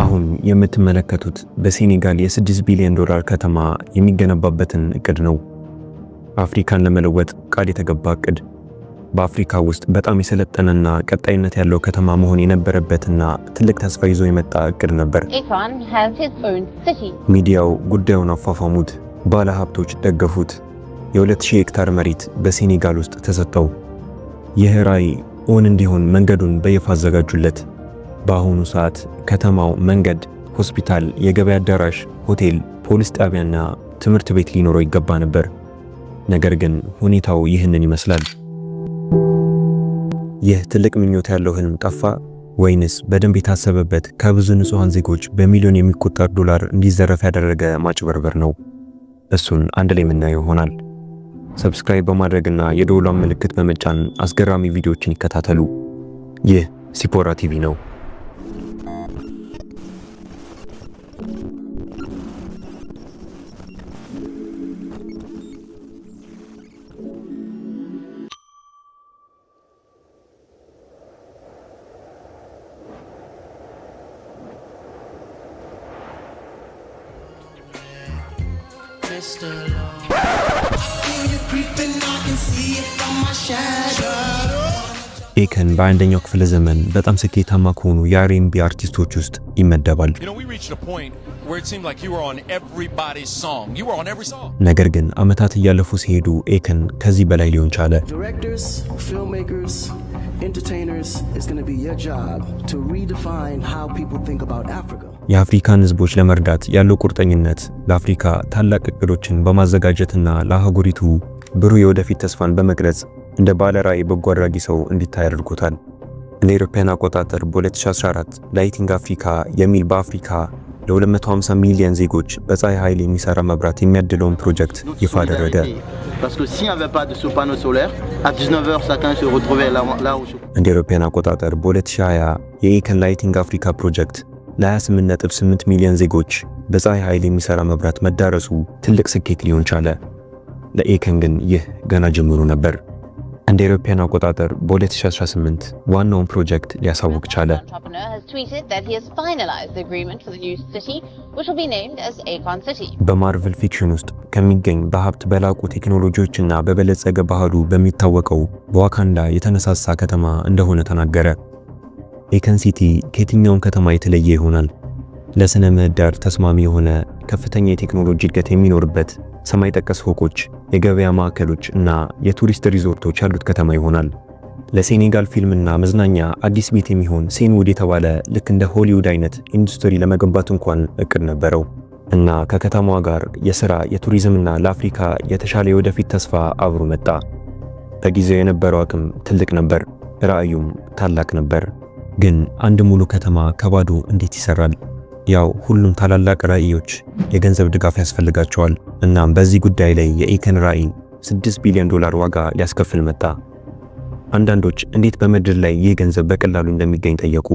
አሁን የምትመለከቱት በሴኔጋል የ6 ቢሊዮን ዶላር ከተማ የሚገነባበትን እቅድ ነው። አፍሪካን ለመለወጥ ቃል የተገባ እቅድ በአፍሪካ ውስጥ በጣም የሰለጠነና ቀጣይነት ያለው ከተማ መሆን የነበረበትና ትልቅ ተስፋ ይዞ የመጣ እቅድ ነበር። ሚዲያው ጉዳዩን አፏፏሙት፣ ባለ ሀብቶች ደገፉት። የ2000 ሄክታር መሬት በሴኔጋል ውስጥ ተሰጠው። ይህ ራዕይ እውን እንዲሆን መንገዱን በይፋ አዘጋጁለት። በአሁኑ ሰዓት ከተማው መንገድ፣ ሆስፒታል፣ የገበያ አዳራሽ፣ ሆቴል፣ ፖሊስ ጣቢያና ትምህርት ቤት ሊኖረው ይገባ ነበር። ነገር ግን ሁኔታው ይህንን ይመስላል። ይህ ትልቅ ምኞት ያለው ህልም ጠፋ ወይንስ በደንብ የታሰበበት ከብዙ ንጹሐን ዜጎች በሚሊዮን የሚቆጠር ዶላር እንዲዘረፍ ያደረገ ማጭበርበር ነው? እሱን አንድ ላይ የምናየው ይሆናል። ሰብስክራይብ በማድረግና የደወሏን ምልክት በመጫን አስገራሚ ቪዲዮዎችን ይከታተሉ። ይህ ሲፖራ ቲቪ ነው። ኤከን በአንደኛው ክፍለ ዘመን በጣም ስኬታማ ከሆኑ የአሬንቢ አርቲስቶች ውስጥ ይመደባል። ነገር ግን ዓመታት እያለፉ ሲሄዱ ኤከን ከዚህ በላይ ሊሆን ቻለ። entertainers, it's going to be your job to redefine how people think about Africa. የአፍሪካን ህዝቦች ለመርዳት ያለው ቁርጠኝነት ለአፍሪካ ታላቅ እቅዶችን በማዘጋጀትና ለአህጉሪቱ ብሩህ የወደፊት ተስፋን በመቅረጽ እንደ ባለ በጎ አድራጊ ሰው እንዲታይ አድርጎታል። እንደ አውሮፓውያን አቆጣጠር በ2014 ላይቲንግ አፍሪካ የሚል በአፍሪካ ለ250 ሚሊዮን ዜጎች በፀሐይ ኃይል የሚሰራ መብራት የሚያድለውን ፕሮጀክት ይፋ አደረገ። እንደ አውሮፓውያን አቆጣጠር በ2020 የኢከን ላይቲንግ አፍሪካ ፕሮጀክት ለ28.8 ሚሊዮን ዜጎች በፀሐይ ኃይል የሚሰራ መብራት መዳረሱ ትልቅ ስኬት ሊሆን ቻለ። ለኤከን ግን ይህ ገና ጀምሮ ነበር። እንደ ኢሮፓያን አቆጣጠር በ2018 ዋናውን ፕሮጀክት ሊያሳውቅ ቻለ። በማርቨል ፊክሽን ውስጥ ከሚገኝ በሀብት በላቁ ቴክኖሎጂዎችና በበለጸገ ባህሉ በሚታወቀው በዋካንዳ የተነሳሳ ከተማ እንደሆነ ተናገረ። ኤከን ሲቲ ከየትኛውም ከተማ የተለየ ይሆናል። ለስነ ምህዳር ተስማሚ የሆነ ከፍተኛ የቴክኖሎጂ እድገት የሚኖርበት ሰማይ ጠቀስ ፎቆች፣ የገበያ ማዕከሎች እና የቱሪስት ሪዞርቶች ያሉት ከተማ ይሆናል። ለሴኔጋል ፊልምና መዝናኛ አዲስ ቤት የሚሆን ሴንውድ የተባለ ልክ እንደ ሆሊውድ አይነት ኢንዱስትሪ ለመገንባት እንኳን እቅድ ነበረው እና ከከተማዋ ጋር የሥራ የቱሪዝምና ለአፍሪካ የተሻለ የወደፊት ተስፋ አብሮ መጣ። በጊዜው የነበረው አቅም ትልቅ ነበር፣ ራዕዩም ታላቅ ነበር። ግን አንድ ሙሉ ከተማ ከባዶ እንዴት ይሰራል? ያው ሁሉም ታላላቅ ራዕዮች የገንዘብ ድጋፍ ያስፈልጋቸዋል። እናም በዚህ ጉዳይ ላይ የኢከን ራዕይ 6 ቢሊዮን ዶላር ዋጋ ሊያስከፍል መጣ። አንዳንዶች እንዴት በምድር ላይ ይህ ገንዘብ በቀላሉ እንደሚገኝ ጠየቁ።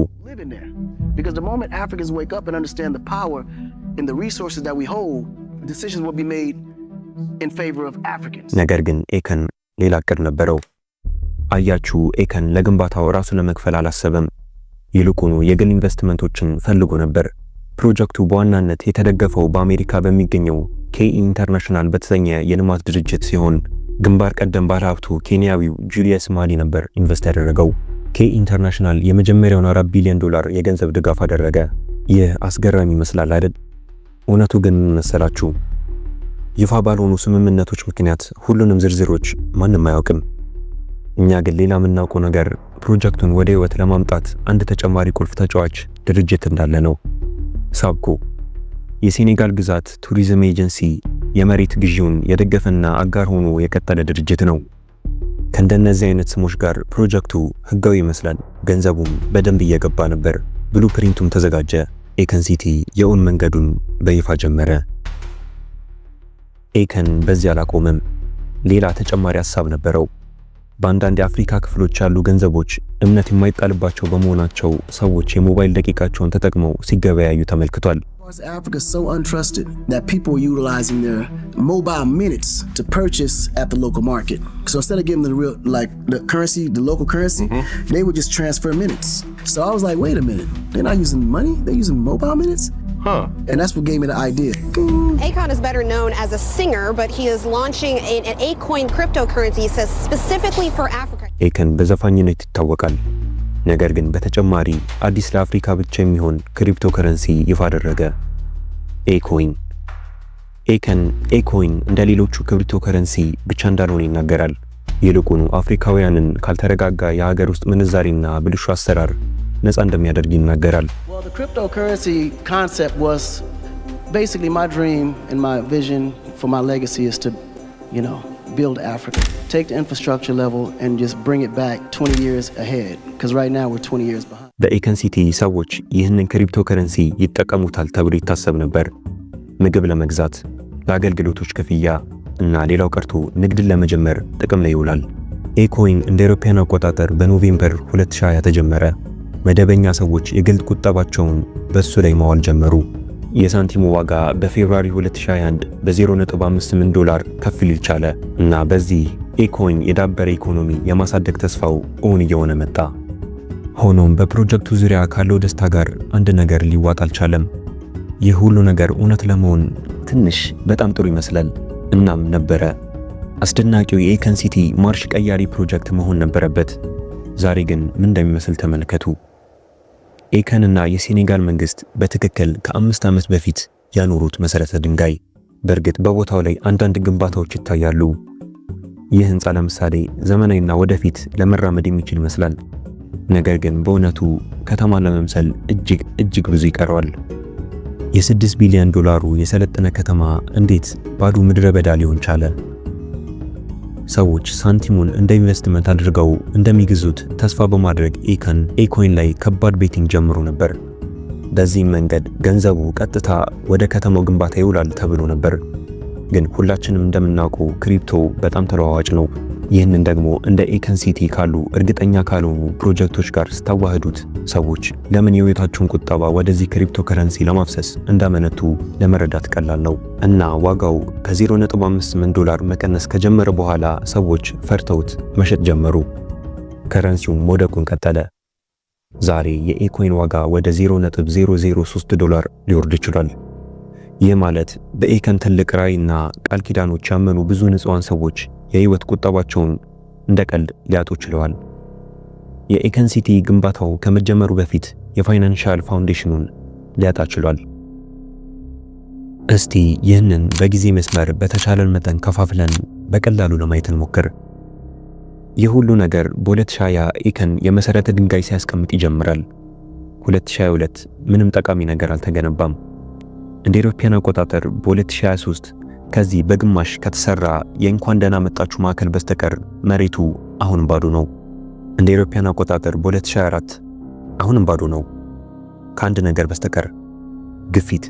ነገር ግን ኤከን ሌላ እቅድ ነበረው። አያችሁ፣ ኤከን ለግንባታው ራሱን ለመክፈል አላሰበም። ይልቁኑ የግል ኢንቨስትመንቶችን ፈልጎ ነበር። ፕሮጀክቱ በዋናነት የተደገፈው በአሜሪካ በሚገኘው ኬ ኢንተርናሽናል በተሰኘ የልማት ድርጅት ሲሆን ግንባር ቀደም ባለሀብቱ ኬንያዊው ጁሊየስ ማሊ ነበር ኢንቨስት ያደረገው። ኬ ኢንተርናሽናል የመጀመሪያውን 4 ቢሊዮን ዶላር የገንዘብ ድጋፍ አደረገ። ይህ አስገራሚ ይመስላል አይደል? እውነቱ ግን መሰላችሁ፣ ይፋ ባልሆኑ ስምምነቶች ምክንያት ሁሉንም ዝርዝሮች ማንም አያውቅም። እኛ ግን ሌላ የምናውቀው ነገር ፕሮጀክቱን ወደ ህይወት ለማምጣት አንድ ተጨማሪ ቁልፍ ተጫዋች ድርጅት እንዳለ ነው። ሳብኮ የሴኔጋል ግዛት ቱሪዝም ኤጀንሲ የመሬት ግዢውን የደገፈና አጋር ሆኖ የቀጠለ ድርጅት ነው። ከእንደነዚህ አይነት ስሞች ጋር ፕሮጀክቱ ህጋዊ ይመስላል። ገንዘቡም በደንብ እየገባ ነበር። ብሉ ፕሪንቱም ተዘጋጀ። ኤከን ሲቲ የውን መንገዱን በይፋ ጀመረ። ኤከን በዚህ አላቆመም። ሌላ ተጨማሪ ሀሳብ ነበረው። በአንዳንድ የአፍሪካ ክፍሎች ያሉ ገንዘቦች እምነት የማይጣልባቸው በመሆናቸው ሰዎች የሞባይል ደቂቃቸውን ተጠቅመው ሲገበያዩ ተመልክቷል። Huh. And that's what gave me the idea. Akon is better known as a singer, but he is launching an, an A-coin cryptocurrency, he says, specifically for Africa. ኤከን በዘፋኝነት ይታወቃል። ነገር ግን በተጨማሪ አዲስ ለአፍሪካ ብቻ የሚሆን ክሪፕቶ ይፋ አደረገ፣ ኤኮይን። ኤከን ኤኮይን እንደ ሌሎቹ ክሪፕቶ ብቻ እንዳልሆነ ይናገራል። ይልቁኑ አፍሪካውያንን ካልተረጋጋ የሀገር ውስጥ ምንዛሬና ብልሹ አሰራር ነፃ እንደሚያደርግ ይናገራል። በኤከን ሲቲ ሰዎች ይህንን ክሪፕቶከረንሲ ከረንሲ ይጠቀሙታል ተብሎ ይታሰብ ነበር። ምግብ ለመግዛት፣ ለአገልግሎቶች ክፍያ እና ሌላው ቀርቶ ንግድን ለመጀመር ጥቅም ላይ ይውላል። ኤኮይን እንደ አውሮፓውያን አቆጣጠር በኖቬምበር 2020 ተጀመረ። መደበኛ ሰዎች የግል ቁጠባቸውን በእሱ ላይ ማዋል ጀመሩ። የሳንቲሙ ዋጋ በፌብራሪ 2021 በ0.58 ዶላር ከፍ ሊል ቻለ እና በዚህ ኢኮን የዳበረ ኢኮኖሚ የማሳደግ ተስፋው እውን እየሆነ መጣ። ሆኖም በፕሮጀክቱ ዙሪያ ካለው ደስታ ጋር አንድ ነገር ሊዋጥ አልቻለም። ይህ ሁሉ ነገር እውነት ለመሆን ትንሽ በጣም ጥሩ ይመስላል። እናም ነበረ አስደናቂው የኤከን ሲቲ ማርሽ ቀያሪ ፕሮጀክት መሆን ነበረበት። ዛሬ ግን ምን እንደሚመስል ተመልከቱ። እና የሴኔጋል መንግስት በትክክል ከአምስት ዓመት በፊት ያኖሩት መሠረተ ድንጋይ። በእርግጥ በቦታው ላይ አንዳንድ ግንባታዎች ይታያሉ። ይህ ህንፃ ለምሳሌ ዘመናዊና ወደፊት ለመራመድ የሚችል ይመስላል። ነገር ግን በእውነቱ ከተማ ለመምሰል እጅግ እጅግ ብዙ ይቀረዋል። የ6 ቢሊዮን ዶላሩ የሰለጠነ ከተማ እንዴት ባዶ ምድረ በዳ ሊሆን ቻለ? ሰዎች ሳንቲሙን እንደ ኢንቨስትመንት አድርገው እንደሚግዙት ተስፋ በማድረግ ኢከን ኤኮይን ላይ ከባድ ቤቲንግ ጀምሮ ነበር። በዚህም መንገድ ገንዘቡ ቀጥታ ወደ ከተማው ግንባታ ይውላል ተብሎ ነበር። ግን ሁላችንም እንደምናውቀው ክሪፕቶ በጣም ተለዋዋጭ ነው። ይህንን ደግሞ እንደ ኤከንሲቲ ካሉ እርግጠኛ ካልሆኑ ፕሮጀክቶች ጋር ስታዋህዱት ሰዎች ለምን የህይወታችሁን ቁጠባ ወደዚህ ክሪፕቶ ከረንሲ ለማፍሰስ እንዳመነቱ ለመረዳት ቀላል ነው እና ዋጋው ከ0.58 ዶላር መቀነስ ከጀመረ በኋላ ሰዎች ፈርተውት መሸጥ ጀመሩ። ከረንሲው መውደቁን ቀጠለ። ዛሬ የኤኮይን ዋጋ ወደ 0.003 ዶላር ሊወርድ ይችላል። ይህ ማለት በኤከን ትልቅ ራዕይና ቃል ኪዳኖች ያመኑ ብዙ ንጹሐን ሰዎች የህይወት ቁጠባቸውን እንደ ቀልድ ሊያጡ ችለዋል። የኤከን ሲቲ ግንባታው ከመጀመሩ በፊት የፋይናንሻል ፋውንዴሽኑን ሊያጣ ችሏል። እስቲ ይህንን በጊዜ መስመር በተቻለን መጠን ከፋፍለን በቀላሉ ለማየት እንሞክር። ይህ ሁሉ ነገር በ2020 ኤከን የመሰረተ ድንጋይ ሲያስቀምጥ ይጀምራል። 2022 ምንም ጠቃሚ ነገር አልተገነባም። እንደ ኢሮፓያን አቆጣጠር በ2023 ከዚህ በግማሽ ከተሰራ የእንኳን ደህና መጣችሁ ማዕከል በስተቀር መሬቱ አሁን ባዶ ነው። እንደ አውሮፓውያን አቆጣጠር በ2024 አሁንም ባዶ ነው፣ ከአንድ ነገር በስተቀር ግፊት።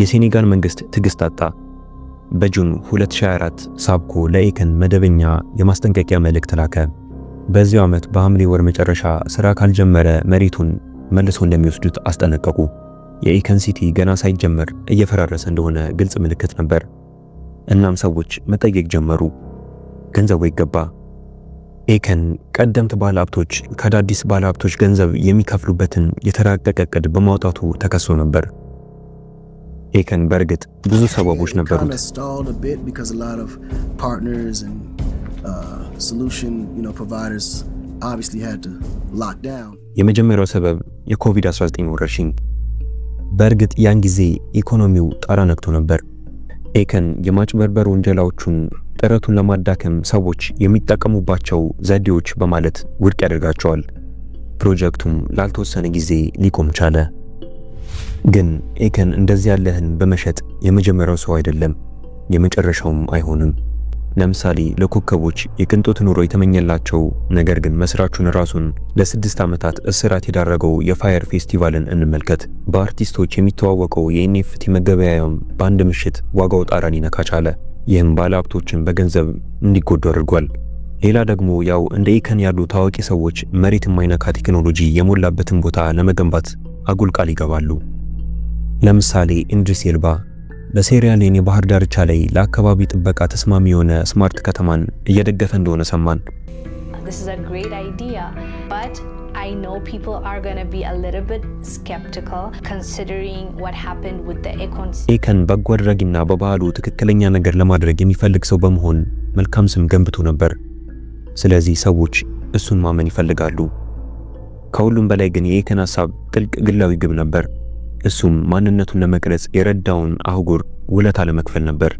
የሴኔጋል መንግስት ትዕግስት አጣ። በጁን 2024 ሳብኮ ለኤከን መደበኛ የማስጠንቀቂያ መልእክት ላከ። በዚያው ዓመት በሐምሌ ወር መጨረሻ ስራ ካልጀመረ መሬቱን መልሶ እንደሚወስዱት አስጠነቀቁ። የኢከን ሲቲ ገና ሳይጀመር እየፈራረሰ እንደሆነ ግልጽ ምልክት ነበር። እናም ሰዎች መጠየቅ ጀመሩ፣ ገንዘቡ ይገባ? ኤከን ቀደምት ባለሀብቶች ከአዳዲስ ባለሀብቶች ገንዘብ የሚከፍሉበትን የተራቀቀ እቅድ በማውጣቱ ተከሶ ነበር። ኤከን በእርግጥ ብዙ ሰበቦች ነበሩት። uh, የመጀመሪያው ሰበብ የኮቪድ-19 ወረርሽኝ በእርግጥ ያን ጊዜ ኢኮኖሚው ጣራ ነክቶ ነበር። ኤከን የማጭበርበር ወንጀላዎቹን ጥረቱን ለማዳከም ሰዎች የሚጠቀሙባቸው ዘዴዎች በማለት ውድቅ ያደርጋቸዋል። ፕሮጀክቱም ላልተወሰነ ጊዜ ሊቆም ቻለ። ግን ኤከን እንደዚህ ያለህን በመሸጥ የመጀመሪያው ሰው አይደለም፣ የመጨረሻውም አይሆንም። ለምሳሌ ለኮከቦች የቅንጦት ኑሮ የተመኘላቸው ነገር ግን መስራቹን ራሱን ለስድስት ዓመታት እስራት የዳረገው የፋየር ፌስቲቫልን እንመልከት። በአርቲስቶች የሚተዋወቀው የኤንኤፍቲ መገበያያም በአንድ ምሽት ዋጋው ጣራን ይነካ ቻለ። ይህም ባለሀብቶችን በገንዘብ እንዲጎዱ አድርጓል። ሌላ ደግሞ ያው እንደ ኢከን ያሉ ታዋቂ ሰዎች መሬት የማይነካ ቴክኖሎጂ የሞላበትን ቦታ ለመገንባት አጉል ቃል ይገባሉ። ለምሳሌ ኢድሪስ ኤልባ በሴሪያሌን የባህር ዳርቻ ላይ ለአካባቢ ጥበቃ ተስማሚ የሆነ ስማርት ከተማን እየደገፈ እንደሆነ ሰማን። ኤከን በጎ አድራጊና በባህሉ ትክክለኛ ነገር ለማድረግ የሚፈልግ ሰው በመሆን መልካም ስም ገንብቶ ነበር። ስለዚህ ሰዎች እሱን ማመን ይፈልጋሉ። ከሁሉም በላይ ግን የኤከን ሀሳብ ጥልቅ ግላዊ ግብ ነበር። እሱም ማንነቱን ለመቅረጽ የረዳውን አህጉር ውለታ ለመክፈል ነበር።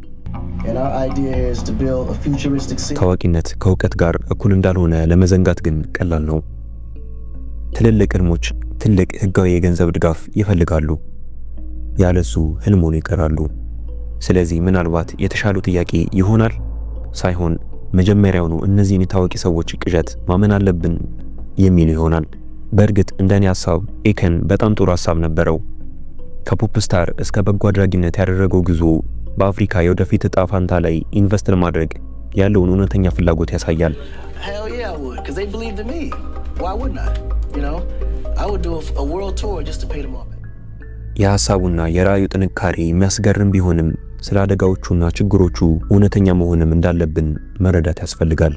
ታዋቂነት ከእውቀት ጋር እኩል እንዳልሆነ ለመዘንጋት ግን ቀላል ነው። ትልልቅ ህልሞች ትልቅ ህጋዊ የገንዘብ ድጋፍ ይፈልጋሉ። ያለሱ ህልሙን ይቀራሉ። ስለዚህ ምናልባት የተሻሉ ጥያቄ ይሆናል ሳይሆን መጀመሪያውኑ እነዚህን የታዋቂ ሰዎች ቅዠት ማመን አለብን የሚሉ ይሆናል። በእርግጥ እንደኔ ሐሳብ ኤከን በጣም ጥሩ ሐሳብ ነበረው። ከፖፕስታር እስከ በጎ አድራጊነት ያደረገው ጉዞ በአፍሪካ የወደፊት እጣ ፋንታ ላይ ኢንቨስት ለማድረግ ያለውን እውነተኛ ፍላጎት ያሳያል። የሐሳቡና የራዩ ጥንካሬ የሚያስገርም ቢሆንም ስለ አደጋዎቹና ችግሮቹ እውነተኛ መሆንም እንዳለብን መረዳት ያስፈልጋል።